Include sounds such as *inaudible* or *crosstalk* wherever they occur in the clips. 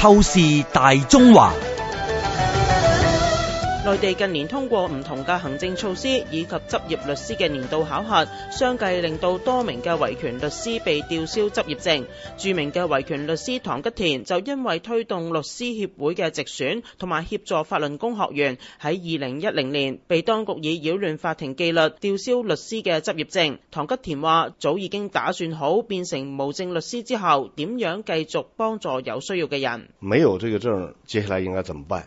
透視大中華。內地近年通過唔同嘅行政措施，以及執業律師嘅年度考核，相繼令到多名嘅維權律師被吊銷執業證。著名嘅維權律師唐吉田就因為推動律師協會嘅直選，同埋協助法輪功學員，喺二零一零年被當局以擾亂法庭紀律吊銷律師嘅執業證。唐吉田話：早已經打算好變成無證律師之後，點樣繼續幫助有需要嘅人。沒有這個證，接下來應該怎麼辦？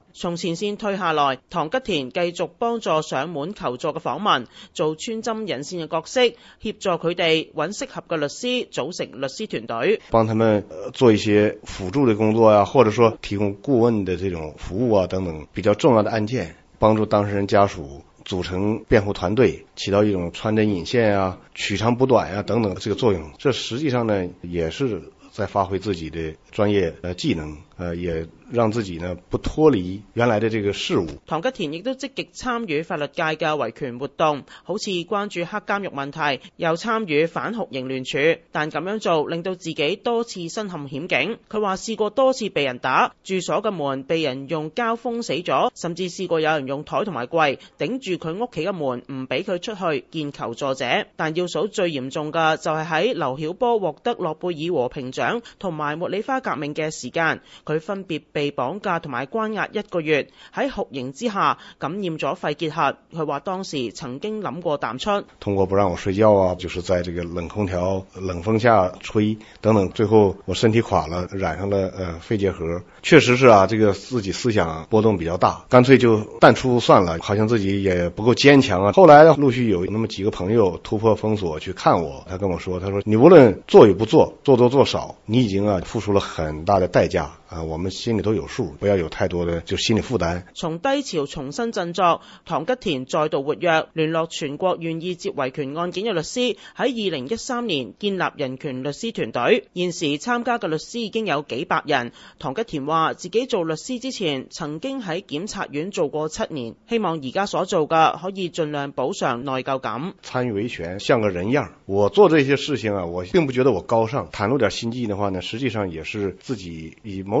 從前線退下來，唐吉田繼續幫助上門求助嘅訪民，做穿針引線嘅角色，協助佢哋揾適合嘅律師，組成律師團隊，幫他們做一些輔助的工作啊，或者說提供顧問的這種服務啊，等等。比較重要的案件，幫助當事人家屬組成辯護團隊，起到一種穿針引線啊、取長補短啊等等嘅這個作用。這實際上呢，也是在發揮自己嘅專業呃技能。呃，也讓自己呢不脫離原來的這個事物。唐吉田亦都積極參與法律界嘅維權活動，好似關注黑監獄問題，又參與反酷刑聯署。但咁樣做令到自己多次身陷險境。佢話試過多次被人打，住所嘅門被人用膠封死咗，甚至試過有人用台同埋櫃頂住佢屋企嘅門，唔俾佢出去見求助者。但要數最嚴重嘅就係喺劉曉波獲得諾貝爾和平獎同埋茉莉花革命嘅時間。佢分別被綁架同埋關押一個月，喺酷刑之下感染咗肺結核。佢話當時曾經諗過淡出，通過不讓我睡覺啊，就是在這個冷空調、冷風下吹等等，最後我身體垮了，染上了呃肺結核。確實是啊，這個自己思想啊，波動比較大，乾脆就淡出算了，好像自己也不夠堅強啊。後來陸續有那麼幾個朋友突破封鎖去看我，他跟我說，他說你無論做與不做，做多做少，你已經啊付出了很大的代價啊。我們心裏都有數，不要有太多的就心理負擔。從低潮重新振作，唐吉田再度活躍，聯絡全國願意接維權案件嘅律師，喺二零一三年建立人權律師團隊。現時參加嘅律師已經有幾百人。唐吉田話：自己做律師之前，曾經喺檢察院做過七年，希望而家所做嘅可以盡量補償內疚感。參與維權像個人樣，我做這些事情啊，我並不覺得我高尚。袒露點心計嘅話呢，實際上也是自己以某。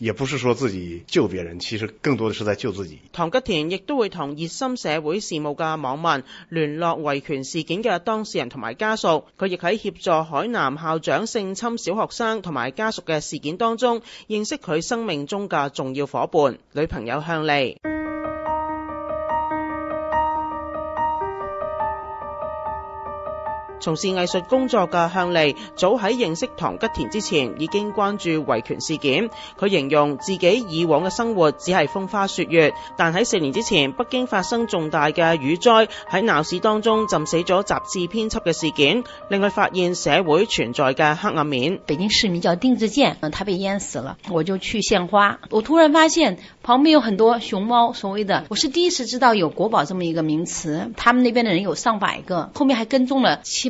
也不是說自己救別人，其實更多的是在救自己。唐吉田亦都會同熱心社會事務嘅網民聯絡，維權事件嘅當事人同埋家屬。佢亦喺協助海南校長性侵小學生同埋家屬嘅事件當中，認識佢生命中嘅重要夥伴女朋友向莉。從事藝術工作嘅向莉早喺認識唐吉田之前已經關注維權事件。佢形容自己以往嘅生活只係風花雪月，但喺四年之前北京發生重大嘅雨災，喺鬧市當中浸死咗雜誌編輯嘅事件，令佢發現社會存在嘅黑暗面。北京市民叫丁志健，佢被淹死了，我就去獻花。我突然發現旁邊有很多熊貓，所謂的我是第一次知道有國寶這麼一個名詞。他們那邊的人有上百個，後面還跟蹤了七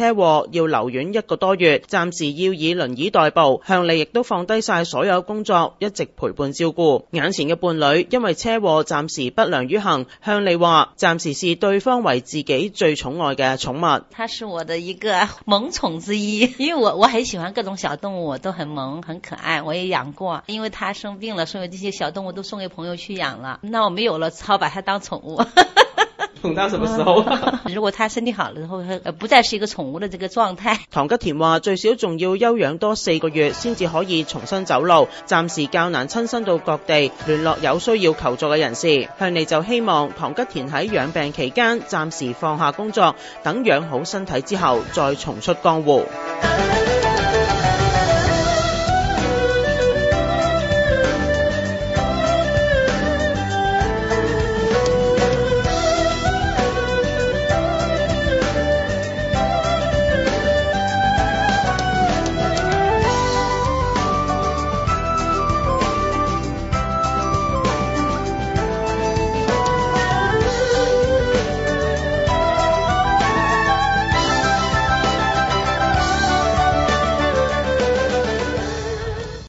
車禍要留院一個多月，暫時要以輪椅代步。向莉亦都放低晒所有工作，一直陪伴照顧眼前嘅伴侶。因為車禍暫時不良於行，向莉話暫時視對方為自己最寵愛嘅寵物。他是我的一個萌寵之一，因為我我很喜歡各種小動物，都很萌，很可愛，我也養過。因為他生病了，所以這些小動物都送給朋友去養了。那我沒有了，只好把它當寵物。 *laughs* 同到什麼時候？如果他身體好了，之後不再是一個寵物的這個狀態。唐吉田話最少仲要休養多四個月，先至可以重新走路，暫時較難親身到各地聯絡有需要求助嘅人士。向莉就希望唐吉田喺養病期間暫時放下工作，等養好身體之後再重出江湖。